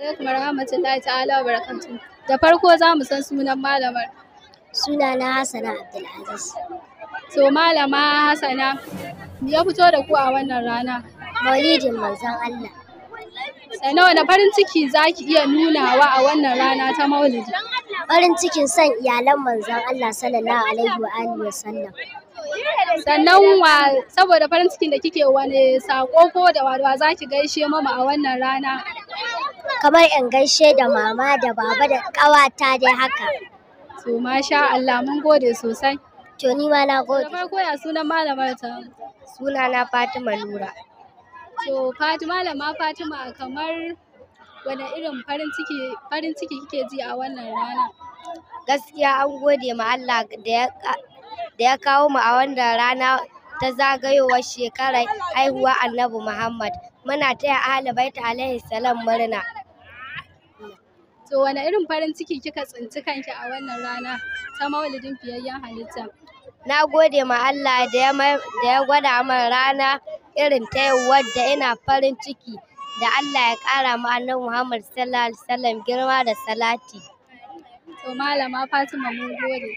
alaikum warahmatullahi ta'ala wabarakatuh da farko za mu san sunan malamar sunana Hassana abdulaziz to malama Hassana. ya fito da ku a wannan rana maulidin manzon allah sannan wani farin ciki za ki iya nunawa a wannan rana ta maulidi farin cikin son iyalan manzon allah sallallahu alaihi wa alihi wa sallam sannan wa saboda farin cikin da kike wani sako ko da wa za ki gaishe mama a wannan rana kamar in gaishe da mama da baba da ƙawata dai haka. To masha Allah mun gode sosai. To ni ma na gode. Da koya sunan malamar ta? na Fatima Nura. To Fatima malama Fatima kamar wani irin farin ciki farin ciki kike ji a wannan rana? Gaskiya an gode ma Allah da ya kawo mu a wannan rana ta zagayowar shekarar haihuwar Annabi Muhammad. Muna taya ahalibaita alaihi salam murna. To wane irin farin ciki kika tsinci kanki a wannan rana ta maulidin fiyayyen halitta? Na gode ma Allah da ya gwada min rana irin ta yau wadda ina farin ciki da Allah ya ƙara ma annabi Muhammad sallallahu alaihi girma da salati. To malama Fatima mun gode.